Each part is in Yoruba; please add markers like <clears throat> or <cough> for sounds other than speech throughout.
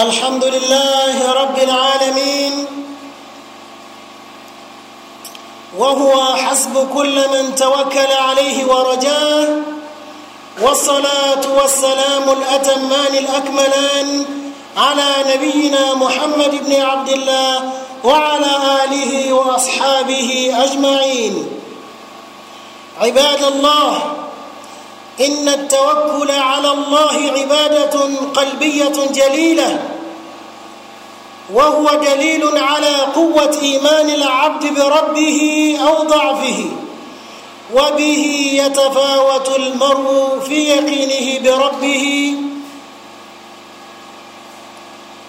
الحمد لله رب العالمين وهو حسب كل من توكل عليه ورجاه والصلاة والسلام الأتمان الأكملان على نبينا محمد بن عبد الله وعلى آله وأصحابه أجمعين عباد الله إن التوكل على الله عبادة قلبية جليلة وهو دليل على قوة إيمان العبد بربه أو ضعفه وبه يتفاوت المرء في يقينه بربه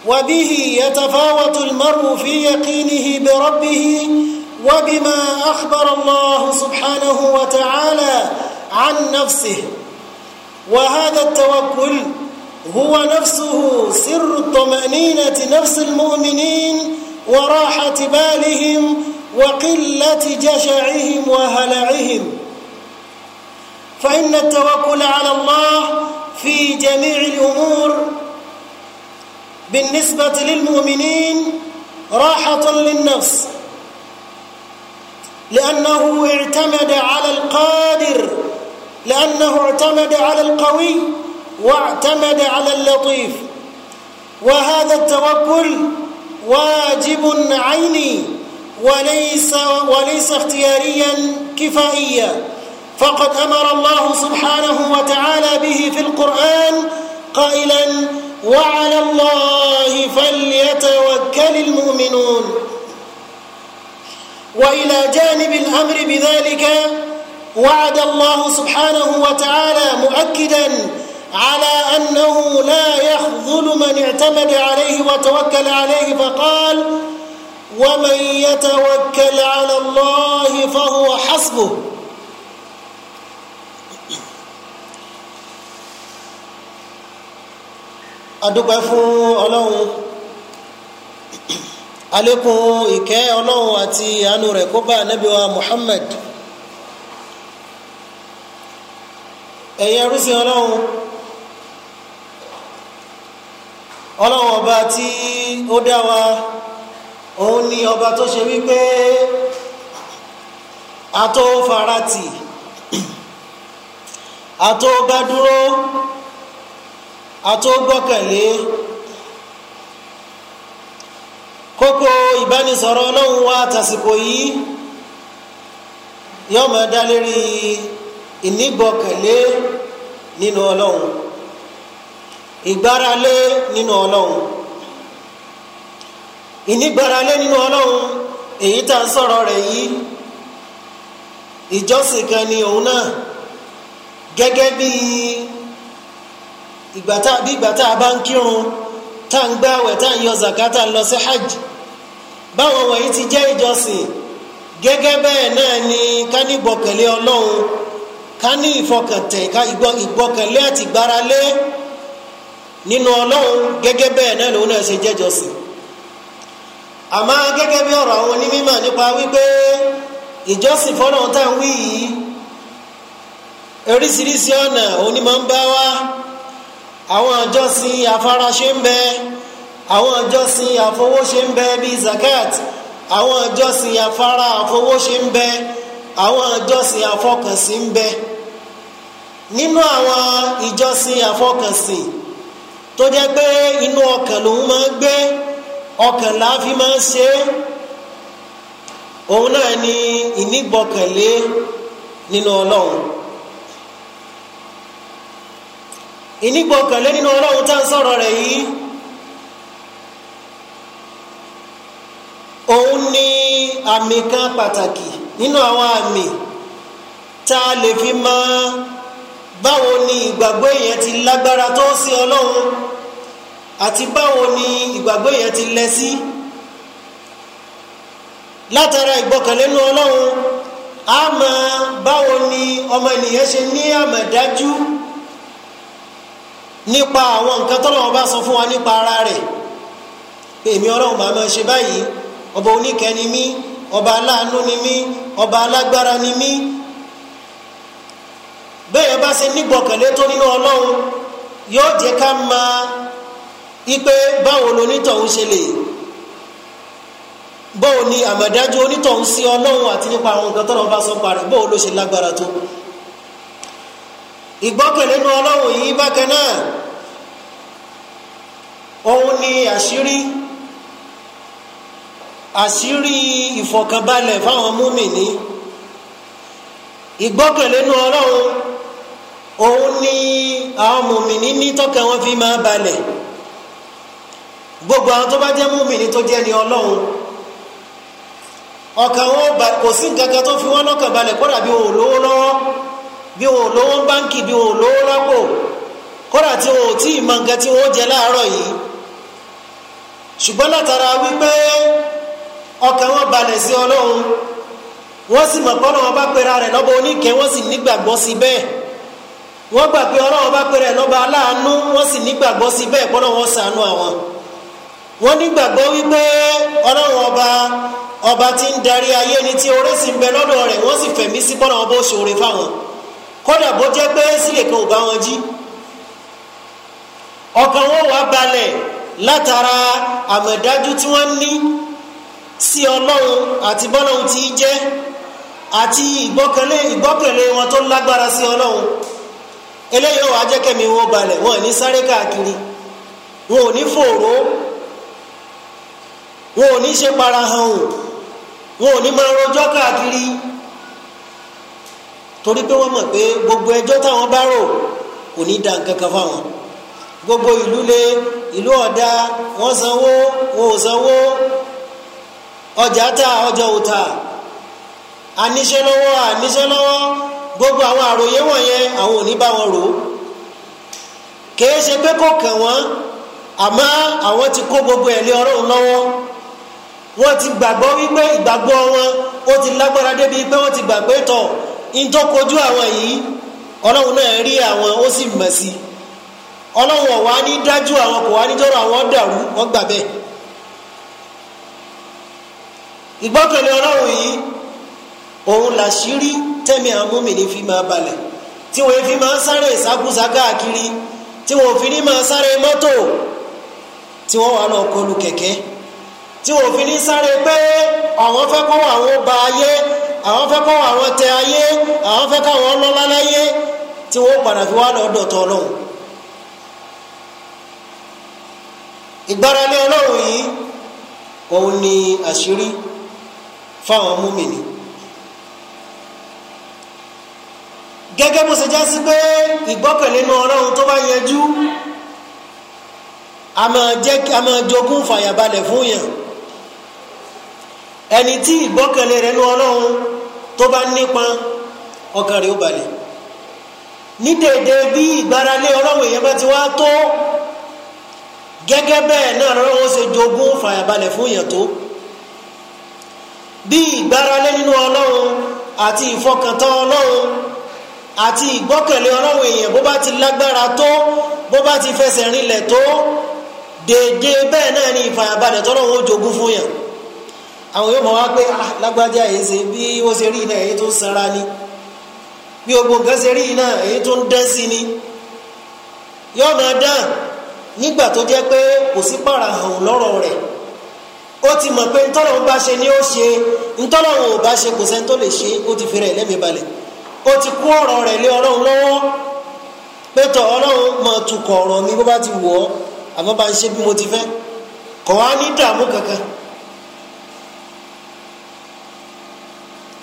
وبه يتفاوت المرء في يقينه بربه وبما أخبر الله سبحانه وتعالى عن نفسه وهذا التوكل هو نفسه سر الطمأنينة نفس المؤمنين وراحة بالهم وقلة جشعهم وهلعهم فإن التوكل على الله في جميع الأمور بالنسبة للمؤمنين راحة للنفس لأنه اعتمد على القادر لأنه اعتمد على القوي واعتمد على اللطيف وهذا التوكل واجب عيني وليس وليس اختياريا كفائيا فقد امر الله سبحانه وتعالى به في القران قائلا وعلى الله فليتوكل المؤمنون والى جانب الامر بذلك وعد الله سبحانه وتعالى مؤكدا على انه لا يخذل من اعتمد عليه وتوكل عليه فقال ومن يتوكل على الله فهو حسبه adúpẹ́ fún ọlọ́run àlékún ìkẹ́ ọlọ́run àti àánú rẹ̀ kó bá ànábì wa Muhammad ẹ̀yin ẹrúsìn ọlọ́run ọlọ́run ọba tí ó dá wa òun ni ọba tó ṣe wípé ató farati ató gbádúró ató gbọ́kànlé kókó ìbánisọ̀rọ̀ ọlọ́run wa tàsìkò yìí yóò máa dá lérí ìnígbọ́kànlé nínú ọlọ́run ìgbáralé nínú ọlọ́run ìnígbáralé nínú ọlọ́run èyí tá a sọ̀rọ̀ rẹ̀ yìí ìjọsìn kan ni òun náà gẹ́gẹ́ bí ìgbà tá a bá ń kírun tá à ń gbáwẹ̀ tá à ń yọ zakata lọ sí hajj báwọn wọ̀nyí ti jẹ́ ìjọsìn gẹ́gẹ́ bẹ́ẹ̀ náà ni ká ní ìgbọ́kànlé ọlọ́run ká ní ìfọkàntẹ̀ ká ìgbọ́kànlé àti ìgbáralé nínú ọlọ́run gẹ́gẹ́ bẹ́ẹ̀ náà lòun náà ṣe jẹ́ ìjọsìn àmọ́ gẹ́gẹ́ bí ọ̀rọ̀ àwọn onímọ̀ nípa wípé ìjọsìn fọ́nà tá à ń wí yìí oríṣiríṣi ọ̀nà òun ni máa ń bá wá. àwọn ìjọsìn afáraṣe ń bẹ àwọn ìjọsìn àfọwọ́ṣe ń bẹ bíi zakat àwọn ìjọsìn afárá àfọwọ́ṣe ń bẹ àwọn ìjọsìn àfọkànsìn ń bẹ nínú àwọn ìjọsìn àfọkànsìn tó jẹ́ pé inú ọkàn lòun máa ń gbé ọkàn la fi máa ń ṣe é òun náà ni ìnígbọkànlé nínú Ọlọ́run. ìnígbọ̀kànlé nínú ọlọ́run tá ń sọ̀rọ̀ rẹ̀ yìí òun ni àmì kan pàtàkì nínú àwọn àmì tá a lè fi mọ báwo ni ìgbàgbọ́ èèyàn ti lágbára tó sí ọlọ́run àti báwo ni ìgbàgbọ́ èèyàn ti lẹ sí látara ìgbọ̀kànlé nínú ọlọ́run a báwo ni ọmọ ènìyàn ṣe ní àmọ̀dájú nípa àwọn nǹkan tọ́lọ́wọ́ bá sọ fún wa nípa ara rẹ̀ pé èmi ọlọ́run bá máa ṣe báyìí ọba oníkẹ́ ni mí ọba aláàánú ni mí ọba alágbára ni mí bẹ́ẹ̀ bá ṣe nígbọ̀kànlé tó nínú ọlọ́run yóò jẹ́ ká máa ipe báwo lonítọ̀hún ṣe lè báwo ni àmọ̀dájú onítọ̀hún sí ọlọ́run àti nípa àwọn nǹkan tọ́lọ́wọ́ bá sọ pa rẹ̀ báwo ló ṣe lágbára tó ìgbọ́kànlé nu ọlọ́run yìí bákan náà òun ni àṣírí àṣírí ìfọ̀kànbalẹ̀ fáwọn múmìnì ìgbọ́kànlé nu ọlọ́run òun ni àwọn múmìnì ní tọ́kàn wọn fi máa balẹ̀ gbogbo àwọn tó bá jẹ́ múmìnì tó jẹ́ ni ọlọ́run ọkàn wọn kò sí nǹkan kan tó fi wọn lọ́kàn balẹ̀ kó dàbí òun lówó lọ́wọ́ bí wọn ò lówó báńkì bí wọn ò lówó lápò kódà tí wọn ò tí ì mọ nǹkan tí wọn ó jẹ láàárọ̀ yìí ṣùgbọ́n látara wípé ọkàn wọn balẹ̀ sí ọlọ́run wọ́n sì mọ̀ pé ọlọ́run bá pera rẹ̀ lọ́ba oníkẹ́ wọ́n sì nígbàgbọ́ sí bẹ́ẹ̀ wọ́n gbà pé ọlọ́run bá pera rẹ̀ lọ́ba aláàánú wọ́n sì nígbàgbọ́ sí bẹ́ẹ̀ pé ọlọ́run ṣàánú àwọn wọ́n nígbàgbọ́ wípé ọlọ́run ọba ọba tí ń darí ayé ni tí oore sì ń bẹ lọ́dọ̀ rẹ̀ wọ́n sì fẹ̀mí sí pé ọlọ́run bó ṣoore fáwọn kódà bó jẹ́ pé sílẹ̀ kan ò bá wọn jí ọkàn wọn wà balẹ̀ látara àmọ̀dájú tí wọ́n ní sí ọlọ́run àti bọ́lọ́run tí í jẹ́ àti ìgbọ́kànlé ìgbọ́kànlé wọn tó lágbára sí ọlọ́run eléyìí wàá jẹ́ kẹ́mi wọn balẹ̀ wọn ò ní sáré káàkiri wọn ò ní fòró wọn ò ní ṣe parahàn wọn ò ní máa rojọ́ káàkiri torí pé wọ́n mọ̀ pé gbogbo ẹjọ́ táwọn bá rò kò ní da nǹkan kan fáwọn gbogbo ìlú le ìlú ọ̀dà wọ́n sanwó wọn ò sanwó ọjà tà ọjà ò tà àníṣe lọ́wọ́ àníṣe lọ́wọ́ gbogbo àwọn àròyé wọ̀nyẹn àwọn ò ní bá wọn rò ó kìí ṣe pé kò kàn wọ́n àmọ́ àwọn ti kó gbogbo ẹ̀ lé ọlọ́run lọ́wọ́ wọ́n ti gbàgbọ́ wípé ìgbàgbọ́ wọn ó ti lágbára débi pé wọ́n ti gbàgbé tọ̀ ntọ́kojú àwọn yìí ọlọ́run náà rí àwọn ó sì mọ̀ sí i ọlọ́run ọ̀wá ní dájú àwọn kò wá níjọ́rọ̀ àwọn dàrú wọ́n gbà bẹ́ẹ̀. ìgbọ́kànlé ọlọ́run yìí òun làṣírí tẹ́mi àmúmìnì fi máa balẹ̀ tí wọ́n fi máa sáré ìsákúsá káàkiri tí wọ́n fi ní máa sáré mọ́tò tí wọ́n wà lọ kọlù kẹ̀kẹ́ tí wọ́n fi ní sáré pé àwọn fẹ́ kó àwọn ba ayé àwọn fẹ́ kọ́ àwọn tẹ ayé àwọn fẹ́ káwọn ọlọ́lá láyé tí wọ́n padà fi wá lọ́dọ̀ tọ́ ọlọ́run ìgbáralé ọlọ́run yìí òun ni àṣírí fáwọn múmìnì gẹ́gẹ́ bó ṣe já sí pé ìgbọ́kànlé inú ọlọ́run tó bá yẹjú a máa jẹ́ a máa jogún fàyàbalẹ̀ fún yàn ẹni tí ìgbọ́kànlé rẹ̀ inú ọlọ́run tó bá nípa ọkàn rẹ̀ ó balẹ̀ ní dèdè bí ìgbáralé ọlọ́run èèyàn bá ti wá tó gẹ́gẹ́ bẹ́ẹ̀ náà lọ́wọ́ ṣe jogún fàyàbalẹ̀ fún èèyàn tó bí ìgbáralé nínú ọlọ́run àti ìfọkàntán ọlọ́run àti ìgbọ́kẹ̀lé ọlọ́run èèyàn bó bá ti lágbára tó bó bá ti fẹsẹ̀ rinlẹ̀ tó dèdè bẹ́ẹ̀ náà ni ìfàyàbalẹ̀ tọ́lọ́run ó jogún fún yàn. àwọn yóò wa wá pé ah, lágbájá bí ó ṣe rí iná èyí tó ń sanra ni bí ogun kan ṣe rí iná èyí tó ń dán sí ni yóò máa dán nígbà tó jẹ́ pé kò sí para hàn rẹ̀ ó ti mọ̀ pé ni ó ṣe ò bá ṣe kò sẹ́ni tó lè ṣe ó ti fi rẹ̀ lẹ́mìí balẹ̀ ó ti kú ọ̀rọ̀ rẹ̀ lé ọlọ́run lọ́wọ́ pé tọ̀ ọlọ́run mọ̀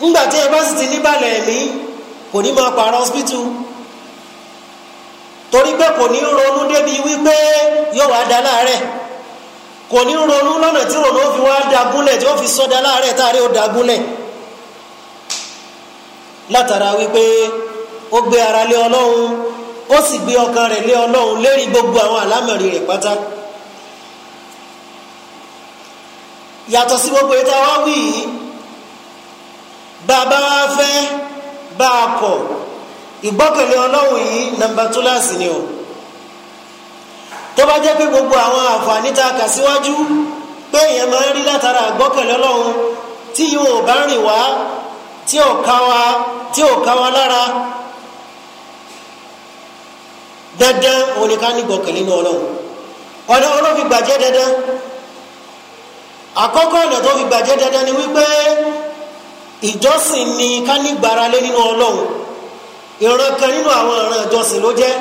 ngba tí ẹ ti kò ní máa pààrọ̀ hospital torí pé kò ní ronú débi wípé yóò wá da láàárẹ̀ kò ní ronú lọ́nà tí ronú fi wá gúnlẹ̀ tí ó fi sọ́dá láàárẹ̀ ara lé ọlọ́run ó sì gbé rẹ̀ lé ọlọ́run lérí gbogbo àwọn rẹ̀ pátá. yàtọ̀ sí gbogbo ètò àwọn bàbá wa fẹ́ bá a kọ̀ ìgbọ́kẹ̀lé ọlọ́run yìí ni o tó bá jẹ́ gbogbo àwọn àǹfààní nita kà síwájú pé èèyàn máa ń rí látara yi ọlọ́run tí yóò bá rìn wá tí ò ká wa tí ò ká wa lára dandan ni ní ọlọ́run ọ̀nà ọlọ́run fi gbàjẹ́ dandan àkọ́kọ́ ọ̀nà ìjọsìn ni ká ní nínú ọlọ́run ìran kan nínú àwọn ìran ìjọsìn ló jẹ́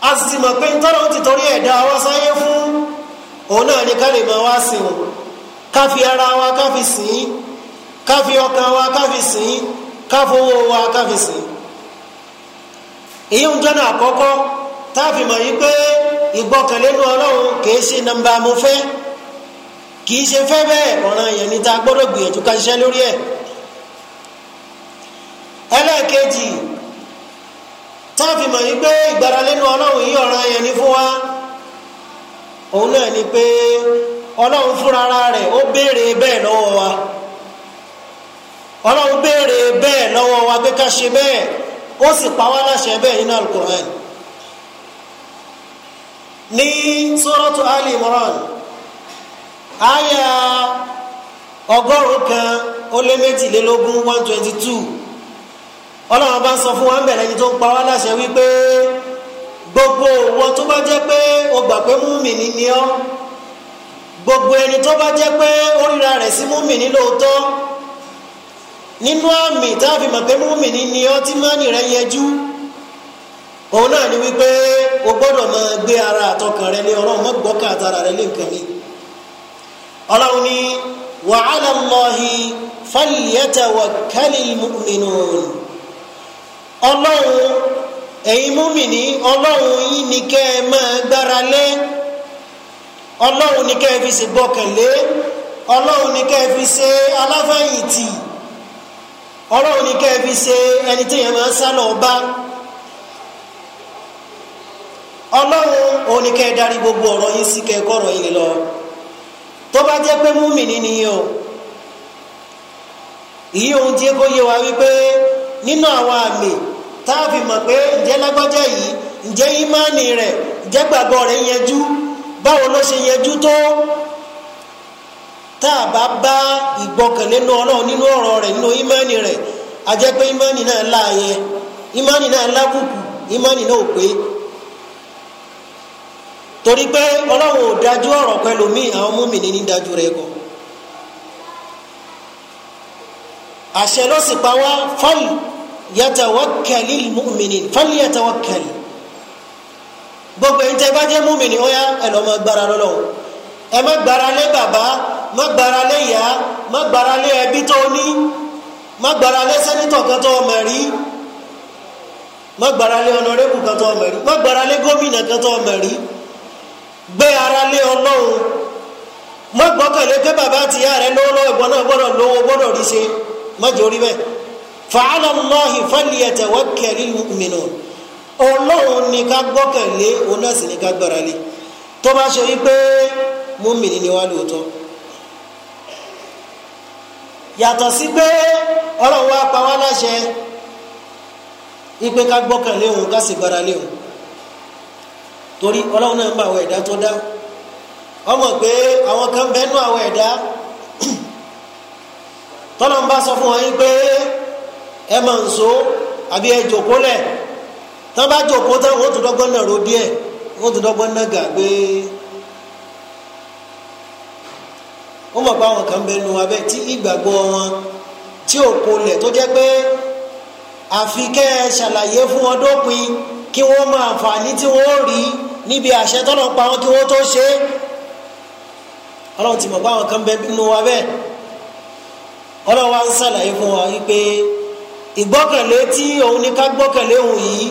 a sì ti mọ̀ pé ntọ́nà ti torí ẹ̀dá wa sáyé fún òun náà ni ká lè máa wá ara wa ká fi sìn ká fi ọkàn wa ká fi sìn wa ká fi sìn jọ́nà àkọ́kọ́ tá a fi mọ̀ yí kì í ṣe fẹ́ bẹ́ẹ̀ ọ̀ràn yẹn ni tá a gbọ́dọ̀ gbìyànjú ká ṣiṣẹ́ lórí ẹ̀ ẹlẹ́ẹ̀kejì tá a fi mọ̀ yí pé ìgbára ọlọ́run yìí ọ̀ràn yẹn ni fún wa òun náà ni pé ọlọ́run fúnra rẹ̀ ó béèrè bẹ́ẹ̀ lọ́wọ́ wa ọlọ́run béèrè bẹ́ẹ̀ lọ́wọ́ wa pé ká ṣe bẹ́ẹ̀ ó sì pa wá láṣẹ bẹ́ẹ̀ nínú Al-Qur'an ní Suratu Ali Imran. Aya ọgọ́rùn kan ó lé méjìlélógún one twenty two ọlọ́run bá ń sọ fún wa ń bẹ̀rẹ̀ ẹni tó ń pa wá láṣẹ wípé gbogbo òwò tó bá jẹ́ pé o gbà pé múmìnì ni ọ́ gbogbo ẹni tó bá jẹ́ pé ó ríra rẹ̀ sí múmìnì lóòótọ́ nínú àmì tá a fi mọ̀ pé múmìnì ni ọ́ tí mọ́nì rẹ̀ yẹjú òun náà ni wípé o gbọ́dọ̀ máa gbé ara àtọkàn rẹ lé ọlọ́run mọ́ gbọ́kàn àtara rẹ lé nǹkan mi. ọlọ́run ní wa 'ala Allahi falyatawakkalil mu'minun ọlọ́run ẹ̀yin múmìnì ọlọ́run yìí ni kẹ́ ẹ máa gbára lé ọlọ́run ni kẹ́ ẹ fi ṣe ọlọ́run ni kẹ́ ẹ fi ṣe aláfẹ̀yìntì ọlọ́run ni kẹ́ ẹ fi ṣe ẹni tí yẹn máa ọlọ́run gbogbo ọ̀rọ̀ sí kẹ́ ẹ kọ́ lọ. tó bá jẹ́ pé múmìnì nìyí o ìyí ohun tí kò yé wa wípé nínú àwọn àmì tá a fi mọ̀ pé ǹjẹ́ lágbájá yìí ǹjẹ́ ìmánì rẹ̀ ǹjẹ́ gbàgbọ́ rẹ̀ yẹjú báwo ló ṣe yẹjú tó tá a bá bá ìgbọ́kànlé nu ọlọ́run nínú ọ̀rọ̀ rẹ̀ nínú ìmánì rẹ̀ a jẹ́ torí pé ọlọ́run ò dájú ọ̀rọ̀ pẹ̀lú mi àwọn múmìnì ní dájú rẹ̀ kọ́ àṣẹ ló sì pa wá fal yatawakkali múmìnì fal yatawakkali gbogbo ẹni tẹ́ bá jẹ́ múmìnì ó yá ẹ lọ́ máa gbára lọ́lọ́run ẹ má gbára lé bàbá má gbára lé ìyá má gbára lé ẹbí tó ní má gbára lé sẹ́nitọ̀ kan tó ọmọ rí má gbára lé ọ̀nàrẹ́bù kan tó ọmọ rí má gbára lé gómìnà kan tó ọmọ rí gbé ara lé ọlọ́run má gbọ́kànlé pé bàbá àti ìyá rẹ lówó lọ́wọ́ ìbọn náà gbọ́dọ̀ lówó gbọ́dọ̀ rí ṣe má jòrí bẹ́ẹ̀ fa'ala Allahi falyatawakkalil mu'minun ọlọ́run ni ká gbọ́kànlé òun náà sì ni ká gbára lé tó bá ṣe wípé múmìnì ni wá lóòótọ́ yàtọ̀ sí pé ọlọ́run wá pa wá láṣẹ ìpè ká gbọ́kànlé òun ká sì gbára lé òun torí ọlọ́run náà mọ àwọn ẹ̀dá tó dá ọmọ pé àwọn kan bẹ́nu àwọn ẹ̀dá tọ́lọ́n bá sọ fún wọn yín pé ẹ máa ń so àbí ẹ jòkó lẹ̀ bá jòkó tán wọ́n tún dọ́gbọ́n náà ro díẹ̀ wọ́n dọ́gbọ́n náà gà gbé wọ́n mọ̀ pé àwọn kan bẹ́nu abẹ́ tí wọ́n máa fà ní tí wọ́n rí i. níbi àṣẹ tọ́lọ̀ pa wọn kí wọ́n tó ṣe é ọlọ́run ti mọ̀ pé àwọn kan bẹ nínú wa bẹ́ẹ̀ ọlọ́run wa ń ṣàlàyé fún wa wípé ìgbọ́kànlé tí òun ní ká gbọ́kànlé òun yìí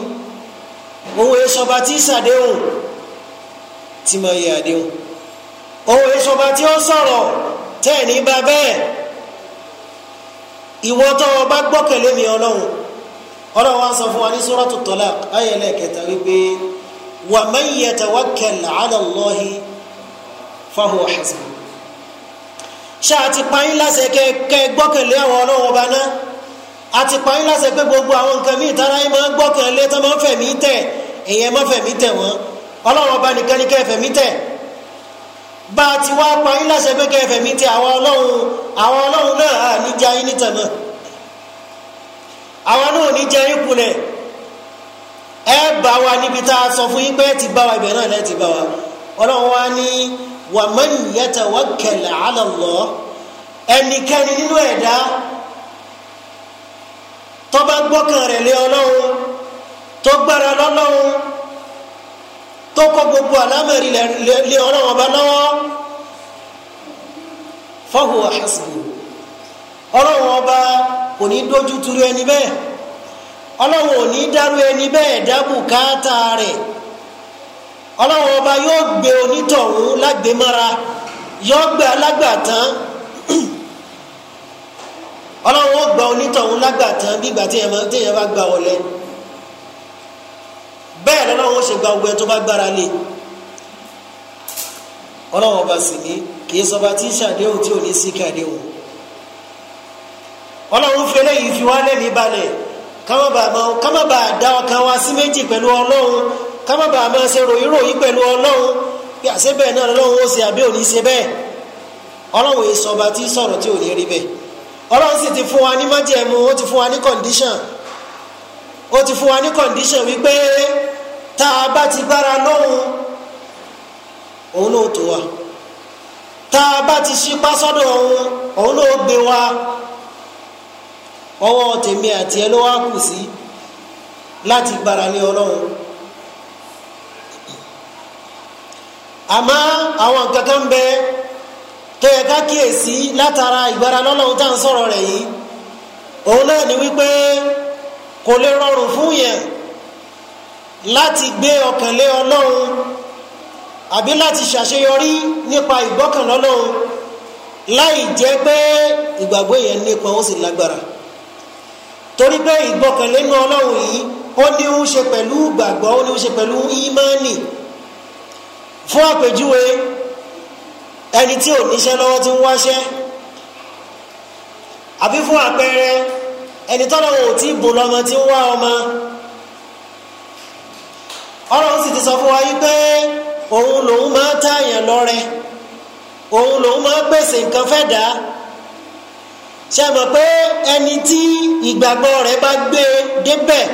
òun èsọba tí ṣàdéhùn tí mo yẹ àdéhùn òun èsọba tí ó sọ̀rọ̀ tẹ́ ẹ̀ ní bá bẹ́ẹ̀ ìwọ tó o bá gbọ́kànlé mi ọlọ́run ọlọ́run wa sọ fún wa ní Suratul Talaq ayẹlẹ́ kẹta wípé. ومن يتوكل على الله فهو حسبه ṣáàtì pààyàn láṣẹ kẹ gbọ́kànlé àwọn ọlọ́wọ́ ọba náà àti pààyàn láṣẹ pé gbogbo àwọn nǹkan ní ìtara yín máa ń gbọ́kànlé tó máa ń fẹ̀mí tẹ̀ èèyàn máa fẹ̀mí tẹ̀ wọ́n ọlọ́wọ́ ọba nìkan ní kẹ́ fẹ̀mí tẹ̀ bá a ti wá pààyàn láṣẹ pé kẹ́ fẹ̀mí tẹ̀ àwọn ọlọ́run àwọn ọlọ́run náà níjà yín nítẹ̀ àwọn náà níjà yín kulẹ̀ bá wa níbi tá a sọ fún yín pé ẹ ti bá wa ibẹ̀ náà lẹ́ ti bá wa ọlọ́run wa ní wa man yatawakkal ala Allah ẹnikẹ́ni nínú ẹ̀dá tó bá gbọ́kàn rẹ̀ lé ọlọ́run tó gbára lọ́lọ́run tó kọ gbogbo àlámẹ̀rí lé ọlọ́run ọba lọ́wọ́ fahuwa hasbuh ọlọ́run ọba kò ní dójú turu ẹni bẹ́ẹ̀. ọlọ́wọ́ ò ní dárú ẹni bẹ́ẹ̀ dábù káàtà rẹ̀ ọlọ́wọ́ ọba yóò gbé onítọ̀hún lágbèmára yóò gbé alágbàtán <clears throat> gba onítọ̀hún lágbàtán bí ìgbà téèyàn máa téèyàn bá gba wọlé gba tó bá gbára lé ọlọ́wọ́ ọba sì tí ń ṣàdéhùn tí ò ní sí kàdéhùn ọlọ́wọ́ fẹlẹ́ kama ba ma kama ba da ọkàn wa sí méjì pẹ̀lú ọlọ́run kama ba ma ṣe ròyìn ròyìn pẹ̀lú ọlọ́run bí àṣẹ bẹ́ẹ̀ náà lọ́wọ́ ó ṣe àbí òní ṣe bẹ́ẹ̀ ọlọ́run èso ọba tí sọ̀rọ̀ tí ò ní rí bẹ́ẹ̀ ọlọ́run sì ti fún wa ní májẹ̀mú ó ti fún wa ní condition ó ti fún wa ní condition wípé tá a bá ti gbára lóhun òun náà tó wa tá a bá ti ṣípá sọ́dọ̀ òun ọwọ́ tèmi àti ẹ ló wá kù sí láti gbára lé ọlọ́run àmọ́ àwọn nǹkan kan bẹ tó yẹ ká kíyèsí látara ìgbára lọ́lọ́run tá à ń sọ̀rọ̀ rẹ̀ yìí òun náà ni wípé kò lè rọrùn fún yẹn láti gbé ọkàn lé ọlọ́run àbí láti ṣàṣeyọrí nípa ìgbọ́kànlọ́lọ́run láì jẹ́ pé ìgbàgbọ́ yẹn nípa ó sì lágbára. torí pé ìgbọ́kànlé nu ọlọ́run yìí ó ní ń ṣe pẹ̀lú gbàgbọ́ ó ní ń ṣe pẹ̀lú ímánì fún àpèjúwe ẹni tí ò níṣẹ́ lọ́wọ́ ti ń wáṣẹ́ àbí fún àpẹẹrẹ ẹni tọ́lọ́wọ́ ò tí ì bò lọ́mọ tí ń wá ọmọ ọlọ́run sì ti sọ fún wa yìí pé òun lòun máa ń tààyàn lọ́rẹ òun lòun máa ń pèsè nǹkan fẹ́ dáa. ṣe mọ̀ pé ẹni tí ìgbàgbọ́ ba bá gbé débẹ̀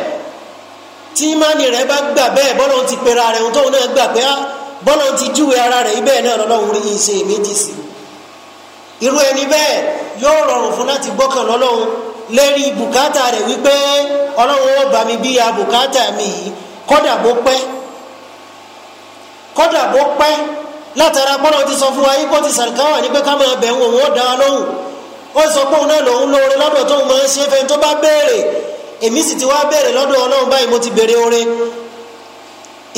tí ìmánì rẹ̀ bá gbà bẹ́ẹ̀ bọ́lọ̀ ti pera rẹ̀ ohun tóun náà gbà pé ah, bọ́lọ̀ ti júwe ara re ibẹ̀ náà lọ́lọ́run rí iṣẹ́ méjì sí i irú ẹni bẹ́ẹ̀ yóò rọrùn fún láti gbọ́kàn lọ́lọ́run lérí bùkátà rẹ̀ wípé ọlọ́run ó mi bí ya bùkátà mi yìí kọ́dà bó pẹ́ kọ́dà bó pẹ́ látara bọ́lọ̀ ti sọ fún wa yìí kó ti wọ́n sọ pé òun náà lòun lóore lọ́dọ̀ tóun máa ń ṣe fẹ́ tó bá béèrè èmi sì ti wá béèrè lọ́dọ̀ ọlọ́run báyìí mo ti béèrè oore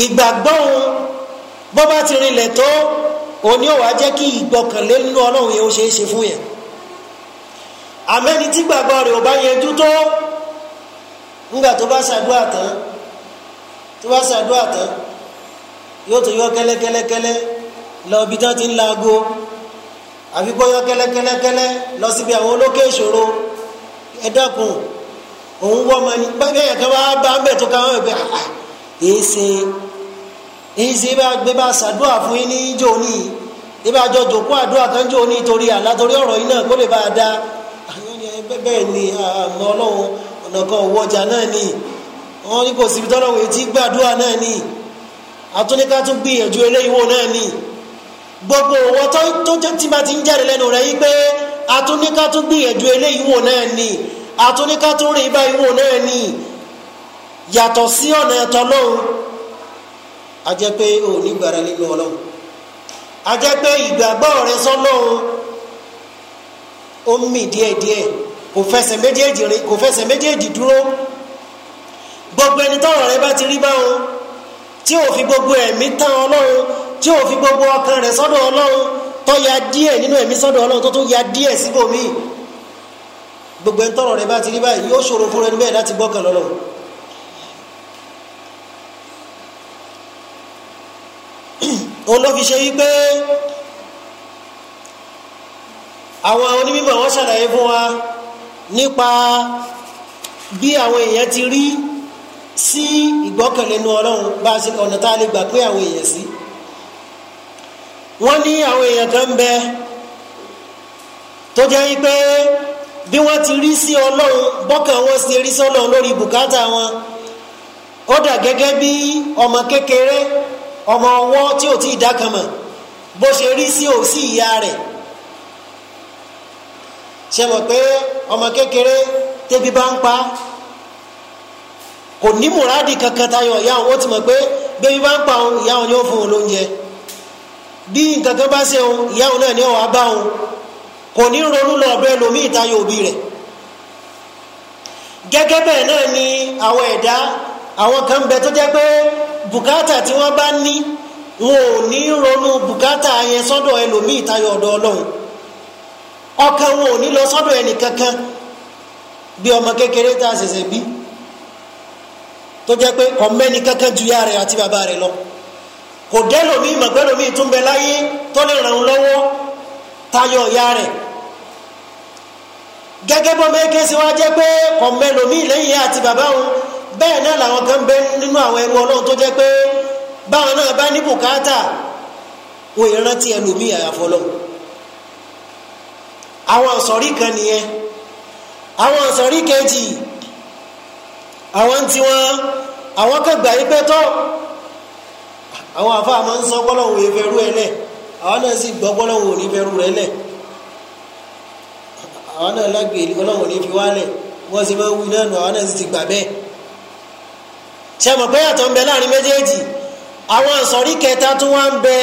ìgbàgbọ́ òun bó bá ti rinlẹ̀ tó òní ò wá jẹ́ kí ìgbọkànlé nínú ọlọ́run yẹn ó ṣeé ṣe fún yẹn àmẹ́ni tí gbàgbọ́ rẹ̀ ò bá yẹjú tó nígbà tó bá ṣàdúrà tán tó bá ṣàdúrà tán yóò tó yọ kẹ́lẹ́kẹ́lẹ́kẹ́lẹ́ lọ ibi tán ti ń laago àfi gbọ́yọ́ kẹ́lẹ́kẹ́lẹ́kẹ́lẹ́ lọ síbi àwọn olókè ìṣòro ẹ dákun òun wọ́ ọmọ ní bẹ́ẹ̀ kan wá bá ń bẹ̀ tó ká wọ́n ẹ̀ bẹ́ àà èyí ṣe èyí ṣe bá gbé bá ṣàdúrà fún yín ní ìjọ ní ibà jọ jòkó àdúrà kan jò ní torí àlá torí ọ̀rọ̀ yín náà kó lè bá a dá bẹ́ẹ̀ ni àmọ́ ah, ah, ọlọ́run ọ̀nà kan òwò ọjà náà ni wọ́n ní kò síbi tọ́lọ́wọ̀ etí gbàdúrà náà ni àtúndíkà tún gbìyànjú eléyìí wò náà ni. gbogbo òwò tó tí ma ti ń jáde lẹ́nu rẹ̀ yí pé atúnika tún gbìyànjú eléyìí wò náà ni atúnika tún na báyìí wò náà ni yàtọ̀ sí ọ̀nà ẹ̀tọ́ lóhùn a jẹ́ pé o ní gbàrà nínú ọlọ́run a jẹ́ pé ìgbàgbọ́ rẹ sọ́lọ́run ó ń kò fẹsẹ̀ méjèèjì kò fẹsẹ̀ gbogbo ẹni rẹ bá ti rí báwọn gbogbo ẹ̀mí tán tí ò fi gbogbo ọkàn rẹ̀ sọ́dọ̀ ọlọ́run tó ya díẹ̀ nínú ẹ̀mí sọ́dọ̀ ọlọ́run tó tún ya díẹ̀ síbòmí gbogbo ẹni tọrọ rẹ̀ bá ti rí báyìí yóò ṣòro fún ẹni bẹ́ẹ̀ láti gbọ́kàn lọ́lọ́ olófi <clears throat> ṣe wípé àwọn onímọ̀ wọn ṣàlàyé fún wa nípa bí àwọn èèyàn ti rí sí ìgbọ́kànlé nu ọlọ́run bá a ṣe ọ̀nà tá a lè gbà pé àwọn èèyàn sí. Si wọ́n ní àwọn èèyàn kan ń bẹ tó jẹ́ pé bí wọ́n ti rí sí ọlọ́run bọ́kàn wọ́n sì rí sí ọlọ́run lórí bùkátà wọn ó dà gẹ́gẹ́ bí ọmọ kékeré ọmọ ọwọ́ tí ò tí ì dákàmọ̀ bó ṣe rí sí òsì ìyá rẹ̀ ṣe mọ̀ pé ọmọ kékeré tẹ́bi bá ń pa kò ní mùrádì kankan tayọ ìyá òun ó ti mọ̀ pé bébí bá ń pa òun ìyá òun yóò fún òun lóúnjẹ. bí nǹkankan bá ṣe òun ìyá náà ni ọ̀wá bá òun kò ní ronú lọ bẹ́ẹ̀ lómi ìtayọ òbí rẹ̀ gẹ́gẹ́ bẹ́ẹ̀ náà ni àwọn ẹ̀dá àwọn kan bẹ tó jẹ́ pé bùkátà tí wọ́n bá ní wọn ò ní ronú bùkátà yẹn sọ́dọ̀ ẹlòmí ìtayọ ọ̀dọ̀ ọlọ́run ọkàn wọn ò ní lọ sọ́dọ̀ kankan bí ọmọ kékeré tá a bí tó pé kankan ju àti bàbá lọ. kò dẹ́lòmíì mọ̀gbẹ́lòmíì tún bẹ láyé tó lè ràn án lọ́wọ́ tayọ ìyá rẹ̀ gẹ́gẹ́ bọ́ mẹ́kẹ́ sí wá jẹ́ pé kọ̀ mẹ́lòmíì lẹ́yìn àti bàbá òun bẹ́ẹ̀ náà làwọn kan bẹ nínú àwọn ẹrú ọlọ́run tó jẹ́ pé báwọn náà bá ní bùkátà wò ìrántí ẹlòmíì àyàfọlọ́ àwọn ọ̀sọ̀rí kan nìyẹn àwọn ọ̀sọ̀rí kejì àwọn tiwọn àwọn kan gbà yí pé tọ́ àwọn àfa àmọ́ ń sọ gbọ́lọ́hùn ìfẹ́rú ẹ lẹ̀ àwọn náà sì gbọ́ gbọ́lọ́hùn òní rẹ àwọn náà lágbèrè ọlọ́hùn òní fi wálẹ̀ wọn sì máa wí àwọn náà ti gbà ṣe mọ̀ pé yàtọ̀ ń bẹ láàrin méjèèjì àwọn àsọ̀rí kẹta tó wá ń bẹ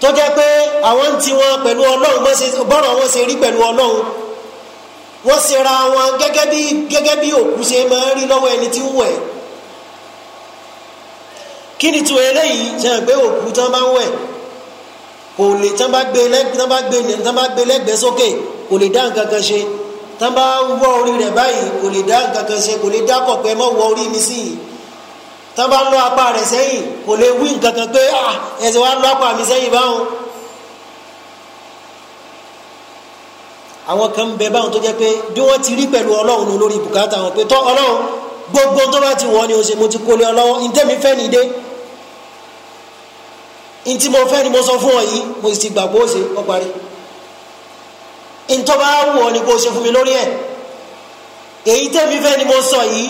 tó jẹ́ pé àwọn ń tiwọn pẹ̀lú ọlọ́run bọ́rọ̀ wọn rí pẹ̀lú ọlọ́run ra wọn gẹ́gẹ́ bí kí ni tu eléyìí ṣe hàn pé òkú tán bá ń wẹ̀ kò lè tán bá gbé tán bá gbé tán bá gbé lẹ́gbẹ̀ẹ́ sókè kò lè dá nǹkan kan ṣe tán bá ń wọ́ orí rẹ̀ báyìí kò lè dá nǹkan kan ṣe kò lè dá kọ̀pẹ́ mọ́ wọ orí mi sí yìí tán bá ń lọ apá rẹ̀ sẹ́yìn kò lè wí nǹkan kan pé ah, ẹsẹ̀ wa lọ apá mi sẹ́yìn báwọn. àwọn kan bẹ báwọn tó jẹ́ pé bí wọ́n ti rí pẹ̀lú Ọlọ́run ní olórí bùkátà wọn pé tọ Ọlọ́run gbogbo tó bá ti wọ ni o ṣe mo ti kólé Ọlọ́run ntẹmi fẹ nìde ntí mo fẹ́ ni mo sọ fún ọ yìí mo sì gbàgbọ́ ó ṣe ọ parí ntọ́ba wù ọ ni kò ṣe fún mi lórí ẹ̀ èyí tẹ́mi fẹ́ ni mo sọ yìí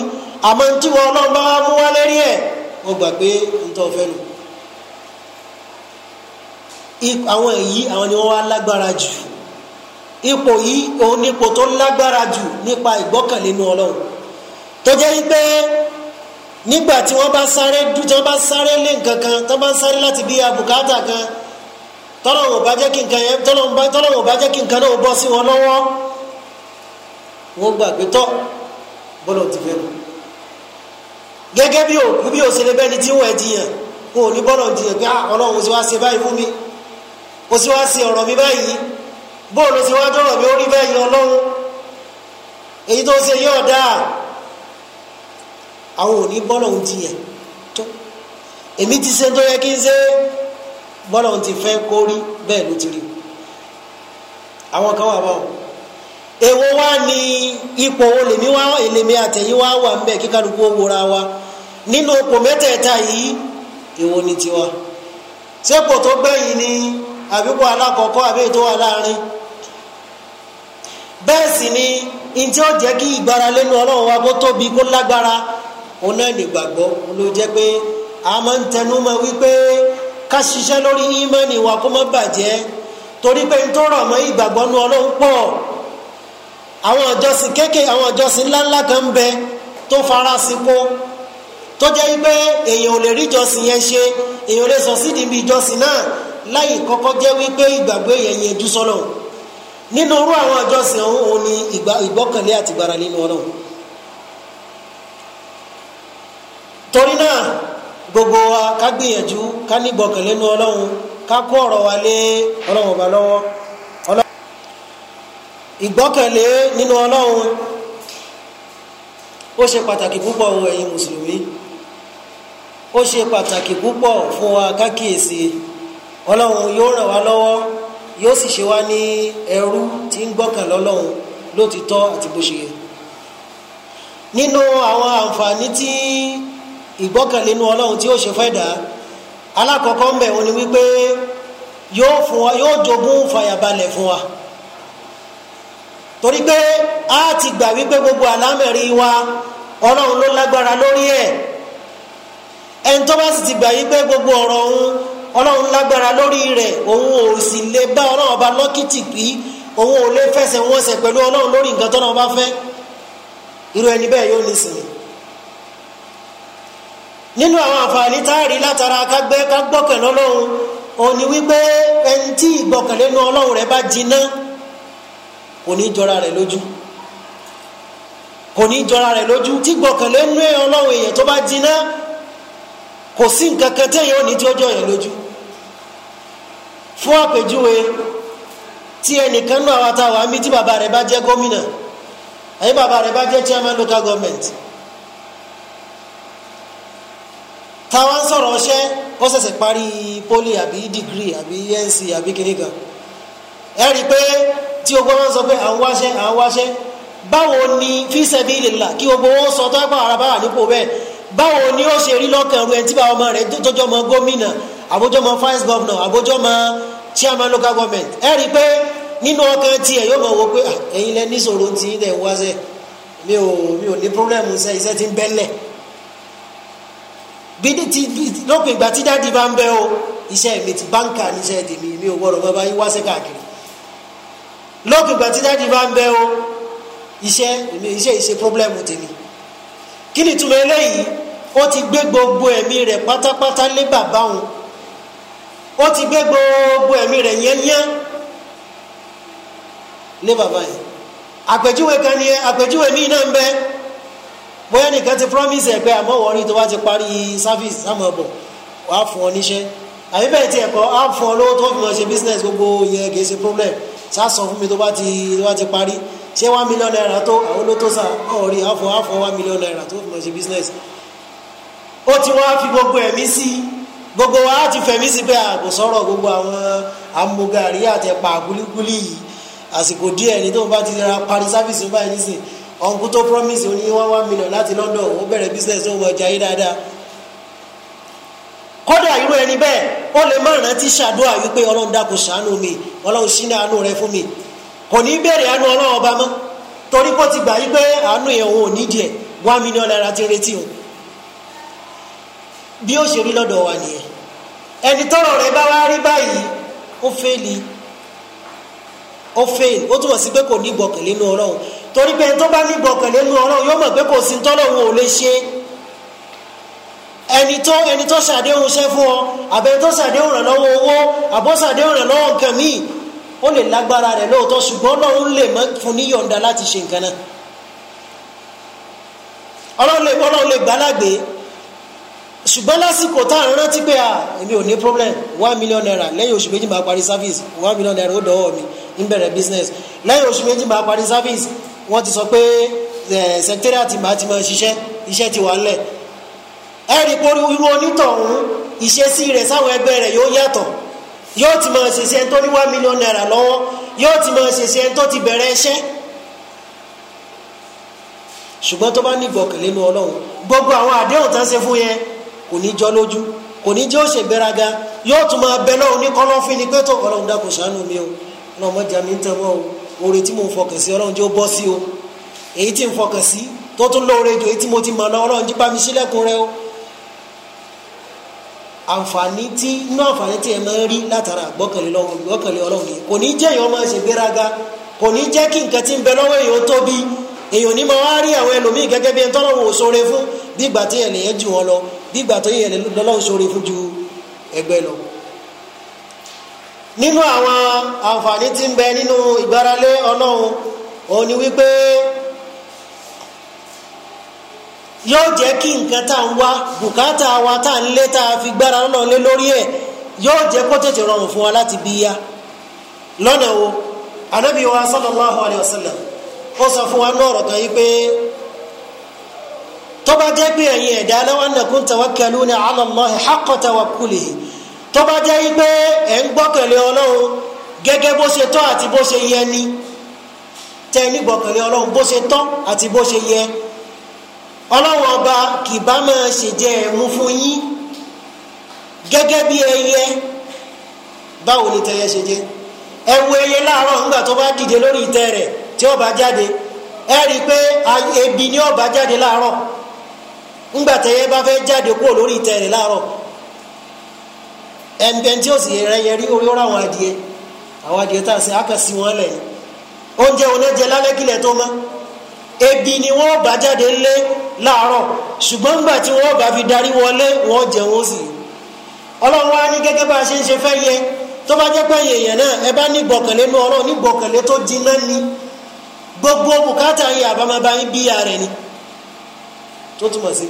àmọ́ ntí wọn náà bá mú wá lérí ẹ̀ mo gbà pé ntọ́ fẹ́ nu àwọn èyí àwọn ni wọ́n wá lágbára jù ipò yìí òun nípò tó lágbára jù nípa ìgbọ́kànlé ọlọ́run tó jẹ́ pé nígbà tí wọ́n bá sáré dúdú bá sáré lé nǹkan kan tó bá sáré láti bí abùkátà kan tọ́lọ̀ wò bá jẹ́ kí nǹkan yẹn tọ́lọ̀ wò bá jẹ́ kí nǹkan náà bọ́ sí wọn lọ́wọ́ wọ́n gbà pé tọ́ bọ́lọ̀ ti fẹ́ mu gẹ́gẹ́ bí òkú bí òsèlè bẹ́ẹ̀ ni tí wọ́n ẹ̀ jiyàn kó o ní bọ́lọ̀ jiyàn pé ah, ọlọ́run sì wá ṣe báyìí fún mi o sì wá ṣe ọ̀rọ̀ mi báyìí bóòlù sì wá dọ̀rọ̀ mi ó rí báyìí ọlọ́run èyí tó ṣe yóò dáa àwọn ò ní bọ́lọ̀ ń jiyàn tó èmi ti ṣe tó yẹ kí n ṣe bọ́lọ̀ ti fẹ́ kó rí bẹ́ẹ̀ ló ti rí o àwọn kan wà báwọn èwo wá ní ipò wo lèmi wá èlèmi àtẹ̀yìn wá wà ńbẹ̀ kí wa nínú ipò mẹ́tẹ̀ẹ̀ta yìí èwo ni tiwa sépò tó gbẹ̀yìn ni àbíkú alákọ̀ọ́kọ́ àbí ètò wà láàrin bẹ́ẹ̀ sì ni ntí ó jẹ́ kí ọlọ́run wa kó tóbi kó lágbára òun náà nígbàgbọ́ òun ló jẹ́ pé a máa ń tẹnu mọ́ wípé ká ṣiṣẹ́ lórí ímánì wa kó má bàjẹ́ torí pé n tó rọ̀ mọ́ ìgbàgbọ́ nu ọlọ́run pọ̀ àwọn ìjọsìn kéèké àwọn ìjọsìn ńláńlá kan ń bẹ tó farasin kó tó jẹ́ wípé èèyàn ò lè rí ìjọsìn yẹn ṣe èèyàn ò lè sọ sídìí ibi ìjọsìn náà láì kọ́kọ́ jẹ́ wípé ìgbàgbọ́ èèyàn yẹn jú sọ́lọ́run nínú irú àwọn ìjọsìn ọ̀hún òun ìgbọ́kànlé àti ìgbáralé nínú ọlọ́run torí náà gbogbo wa ká gbìyànjú ká nígbọkànlé nu ọlọ́run ká kó ọ̀rọ̀ wa lé ọlọ́run ọba lọ́wọ́ ìgbọ́kànlé nínú ọlọ́run ó ṣe pàtàkì púpọ̀ ohun ẹ̀yin mùsùlùmí ó ṣe pàtàkì púpọ̀ fún wa kákíyèsí ọlọ́run yóò ràn wá lọ́wọ́ yóò sì ṣe wá ní ẹrú tí ń gbọ́kàn lọ́lọ́run lótìtọ́ àti bó ṣe yẹ nínú àwọn àǹfààní tí ìgbọ́kànlé nu ọlọ́run tí ó ṣe fẹ́ dà alákọ̀ọ́kọ́ ń bẹ̀ wọ́n ni wípé yóò fún wa yóò jogún fàyàbalẹ̀ fún wa torí pé a ti gbà wípé gbogbo àlámẹ̀rí wa ọlọ́run ló lágbára lórí ẹ̀ ẹni tó bá sì ti gbà wípé gbogbo ọ̀rọ̀ òun ọlọ́run lágbára lórí rẹ̀ òun ò sì lè bá ọlọ́run ọba lọ́kìtì pí òun ò lè fẹsẹ̀ wọnsẹ̀ pẹ̀lú ọlọ́run lórí nǹkan tọ́lọ́run bá fẹ́ irú ẹni bẹ́ẹ̀ yóò nísìnyí nínú àwọn àǹfààní táàrí látara kágbẹ́ kágbọ́kẹ̀lé ọlọ́run òní wípé ẹni tí ìgbọ́kẹ̀lé nu ọlọ́run rẹ̀ bá jiná kò ní jọra rẹ̀ lójú kò ní jọra rẹ̀ lójú tí gbọ́kẹ̀lé nu ọlọ́run èèyàn tó bá jiná kò sí nǹkan kan téèyàn ò ní tí ó jọ yẹn lójú fún àpèjúwe tí ẹnìkan náà wà táwa mí tí bàbá rẹ̀ bá jẹ́ gómìnà àyè bàbá rẹ̀ bá jẹ́ chairman local government táwọn sọ̀rọ̀ ọṣẹ́ ó ṣẹ̀ṣẹ̀ parí poli àbí degree àbí nc àbí kinní kan ẹ rí i pé tí o gbọ́dọ̀ sọ pé à ń wáṣẹ́ à ń wáṣẹ́ báwo ni fi sabilillah kí o gbowó sọ tó ẹ pa ara báwa nípò bẹ́ẹ̀ báwo ni ó ṣe rí lọ́kàn rẹ tí báwọn ọmọ rẹ jọjọ́ mọ gómìnà àbójọ́ mọ vice governor àbójọ́ mọ chairman local government ẹ rí i pé nínú ọkàn tiẹ̀ yóò mọ̀ wọ pé ẹ̀yin lẹ níṣòro tí ń tẹ̀ wáṣẹ́ mi ò mi ò ní problem iṣẹ́ iṣẹ́ ti ń bẹ́lẹ̀ gbede ti lópin ìgbà tí dáàdi bá ń bẹ o iṣẹ́ mi ti báńkà níṣẹ́ tèmi mi ò gbọ́dọ̀ bàbá yín wáṣẹ́ káàkiri lópin ìgbà tí dáàdi bá ń bẹ o iṣẹ́ mi iṣẹ́ ìṣe pọ́blẹ́mù tèmi kí ni túmọ̀ eléyìí ó ti gbé gbogbo ẹ̀mí rẹ̀ pátápátá lé bàbá òun ó ti gbé gbogbo ẹ̀mí rẹ̀ yẹ́nyẹ́n lé bàbá yẹn àpèjúwe kan ni àpèjúwe míì náà ń bẹ́ẹ́ bóyá nìkan ti promise ẹ̀ pé àmọ́ wọ́n tó bá ti parí service sáwọn ọ̀bọ̀ wàá fún ọ níṣẹ́ àbí bẹ́ẹ̀ tiẹ̀ kọ́ á fún ọ lówó tó fi mọ̀ ṣe business gbogbo yẹn kì ṣe problem sásọ fún mi tó bá ti tó bá ti parí ṣé one million naira tó àwọn olótó sà ọ̀ rí àfọ̀ àfọ̀ one million naira tó fi mọ̀ ṣe business ó ti wá fi gbogbo ẹ̀mí sí gbogbo wa á ti fẹ̀mí sí pé àkò sọ̀rọ̀ gbogbo àwọn amúgarí àtẹ̀pà gúlígúlí yìí àsìkò díẹ̀ ni tó bá ti ra parí sáfìsì báyìí nísìnyí ọ̀nkú tó promise òní one one million láti London ó bẹ̀rẹ̀ business owó ọjà yìí dáadáa kódà irú ẹni bẹ́ẹ̀ ó lè má rántí ṣàdúrà wípé ọlọ́run dákun ṣàánú mi ọlọ́run ṣínà àánú rẹ fún mi kò ní bẹ̀rẹ̀ àánú ọlọ́run ọba mọ́ torí kó ti gbà yí pé àánú yẹn òun ò ní díẹ̀ one million naira ti retí o bí ó ṣe rí lọ́dọ̀ wa nìyẹn ẹni tọrọ rẹ bá wá rí báyìí ó fẹ́ẹ̀lì ó fẹ́ẹ̀lì ó túmọ̀ sí pé kò ní ìgbọ̀kànlé nínú ọlọ́run torí pé ẹni tó bá ní gbọ̀kànlé nu ọlọ́run yóò mọ̀ pé kò sí tọ́lọ́run ò lè ṣe ẹni tó ẹni tó ṣàdéhùn iṣẹ́ fún ọ àbẹ̀ni tó ṣàdéhùn rẹ̀ lọ́wọ́ owó àbọ̀ ṣàdéhùn rẹ̀ lọ́wọ́ nǹkan míì ó lè lágbára rẹ̀ lóòótọ́ ṣùgbọ́n ọlọ́run lè mọ́ fún níyọ̀ǹda láti ṣe nǹkan náà ọlọ́run lè gbálágbé ṣùgbọ́n lásìkò tá à ń rántí pé à èmi ò ní problem one million naira lẹ́yìn oṣù méjì máa parí service one million naira ó dọ̀wọ́ mi ń bẹ̀rẹ̀ business lẹ́yìn oṣù méjì máa parí service wọ́n ti sọ pé secretariat ti máa ti máa ṣiṣẹ́ iṣẹ́ ti wà ńlẹ̀ ẹ̀rí pé irú onítọ̀hún ìṣesí rẹ̀ sáwọn ẹgbẹ́ rẹ̀ yóò yàtọ̀ yóò ti máa ṣèṣe ẹni tó ní one million naira lọ́wọ́ yóò ti máa ṣèṣe ẹni tó ti bẹ̀rẹ̀ iṣẹ́ ṣùgbọ́n tó bá ní ìgbọ̀kànlé nu ọlọ́run gbogbo àwọn àdéhùn tán ṣe fún yẹn kò ní jọ lójú kò ní jẹ́ òṣè gbéraga yóò tún máa bẹ lọ́run ní kọ́lọ́fín ni pé tó ọlọ́run dákun ṣàánú mi o ọlọ́run mọ̀jà ń tẹ̀ o oore tí mo ń fọkàn sí ọlọ́run jẹ́ ó bọ́ sí o èyí tí ń fọkàn sí tó tún lóore jù èyí tí mo ti mọ̀ lọ ọlọ́run jí bá mi sílẹ̀kùn rẹ o àǹfààní tí inú àǹfààní tí ẹ máa ń rí látara àgbọ́kànlé ọlọ́run gbọ́kànlé ọlọ́run yìí kò ní jẹ́ èèyàn máa ṣe gbéraga kò ní jẹ́ kí nǹkan tí ń bẹ lọ́wọ́ èèyàn tóbi èèyàn ní máa wá rí àwọn ẹlòmíì gẹ́gẹ́ bí ẹni tọ́lọ́wọ́ sóore fún bí ìgbà tí èèyàn lè yẹn jù wọn lọ bí ìgbà tó nínú àwọn àǹfààní tí ń bẹ nínú ìgbáralé ọlọ́run òun ni wípé yóò jẹ́ kí nǹkan tá à ń wá bùkátà wa tá à ń lé tá a fi gbára ọlọ́run lé lórí ẹ̀ yóò jẹ́ kó tètè rọrùn fún wa láti bí ya lọ́nà wo anábì wa sallallahu alayhi wa sallam ó sọ fún wa ní ọ̀rọ̀ kan yìí pé tó jẹ́ pé ẹ̀yin ẹ̀dá law annakum tawakkaluna ala Allahi haqqa tawakkulihi tó bá jẹ́ pé ẹ̀ ń gbọ́kànlé ọlọ́run gẹ́gẹ́ bó ṣe tọ́ àti bó ṣe yẹ ni tẹ́ ẹ nígbọ́kànlé ọlọ́run bó ṣe tọ́ àti bó ṣe yẹ ọlọ́run ọba kì bá máa ṣèjẹ ẹ̀mú fún yín gẹ́gẹ́ bí ẹyẹ báwo ni tẹ́yẹ ṣe jẹ́ ẹ wo ẹyẹ láàárọ̀ nígbà tó bá dìde lórí ìtẹ́ rẹ̀ tí ó jáde ẹ rí i pé ebi ni ó jáde láàárọ̀ nígbà tẹ́yẹ bá fẹ́ jáde kúrò lórí ìtẹ́ rẹ̀ láàárọ̀ ẹnbẹ tí o sì rẹ rí orí ọ̀rọ̀ àwọn adìẹ àwọn adìẹ tá a sẹ aka wọn lẹ ebi ni wọn bá jáde lé láàárọ̀ ṣùgbọ́n nígbà tí wọn bá fi darí wọlé wọn jẹun ó sì ọlọ́run wa ní gẹ́gẹ́ bá a ṣe ń ṣe fẹ́ yẹ tó bá pé náà ẹ bá ní ní tó ni gbogbo bùkátà yìí àbámabá bí ara ẹni tó túmọ̀ sí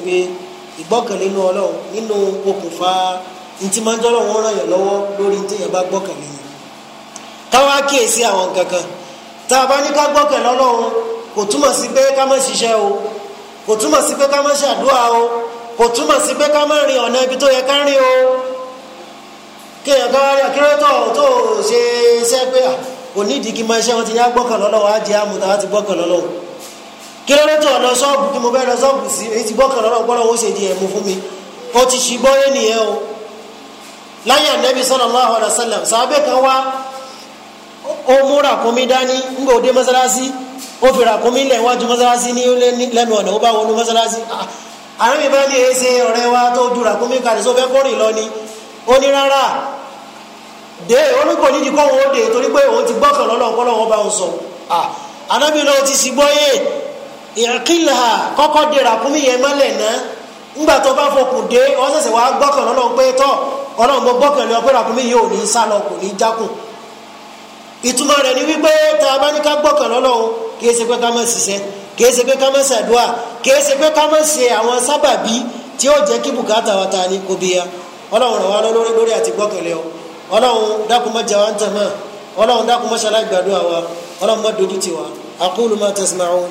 ntí máa ń tọ́lọ̀ wọn ràn yàn lọ́wọ́ lórí ntí yẹn bá gbọ́kànlé yẹn káwá kíyèsí àwọn kankan tá a bá ní ká gbọ́kànlé ọlọ́run kò túmọ̀ sí pé ká má ṣiṣẹ́ o kò túmọ̀ sí pé ká má ṣàdúrà o kò túmọ̀ sí pé ká má rìn ọ̀nà ibi tó yẹ ká rìn o kéèyàn ká rí akérètò tó ṣe iṣẹ́ pé à kò nídìí kí n máa ṣe wọn ti yá gbọ́kànlé ọlọ́run á jẹ́ àmúta á ti gbọ́kànlé ọlọ́run kílódétò ọ̀nà ṣọ́ọ̀bù kí mo fẹ́ lọ ṣọ́ọ̀bù sí èyí ti gbọ́kànlé ọlọ́run gbọ́dọ̀ ó ṣe di ẹ̀mú fún mi ó ti ṣì gbọ́ yé nìyẹn o láyé anabi sallallahu alayhi wa sallam sàbẹ̀ kan wá ó múra dání ńgbà òde mọ́sálásí ó fìrà kúnmí lẹ̀ wájú mọ́sálásí ní ọ̀nà ó bá wọnú ah, àwọn mi bá ní wa tó dura ni ó ní rárá de olùkọ́ nídìí kọ́ òun ó de torí pé òun ti bá sọ anabi ah, ti sì gbọ́ yé ìrìnkìlà kọ́kọ́ yẹn ńgbà tó bá ọlọ́run mo gbọ́kànlé ọpẹ́ ràkúnmí yìí ò ní sá lọ kò ní jákùn ìtumọ̀ rẹ̀ ni wípé tá a bá ní ká gbọ́kànlé ọlọ́run kì í ṣe pé ká má ṣiṣẹ́ kì í ṣe pé ká má ṣàdúrà kì í ṣe pé ká má ṣe àwọn sábàbí tí ó jẹ́ kí bùkátà wa ta ni kò bí ya ọlọ́run ràn wá lórí lórí àti gbọ́kànlé ọ ọlọ́run dákun má jà wá ń tàn mọ́ ọlọ́run dákun má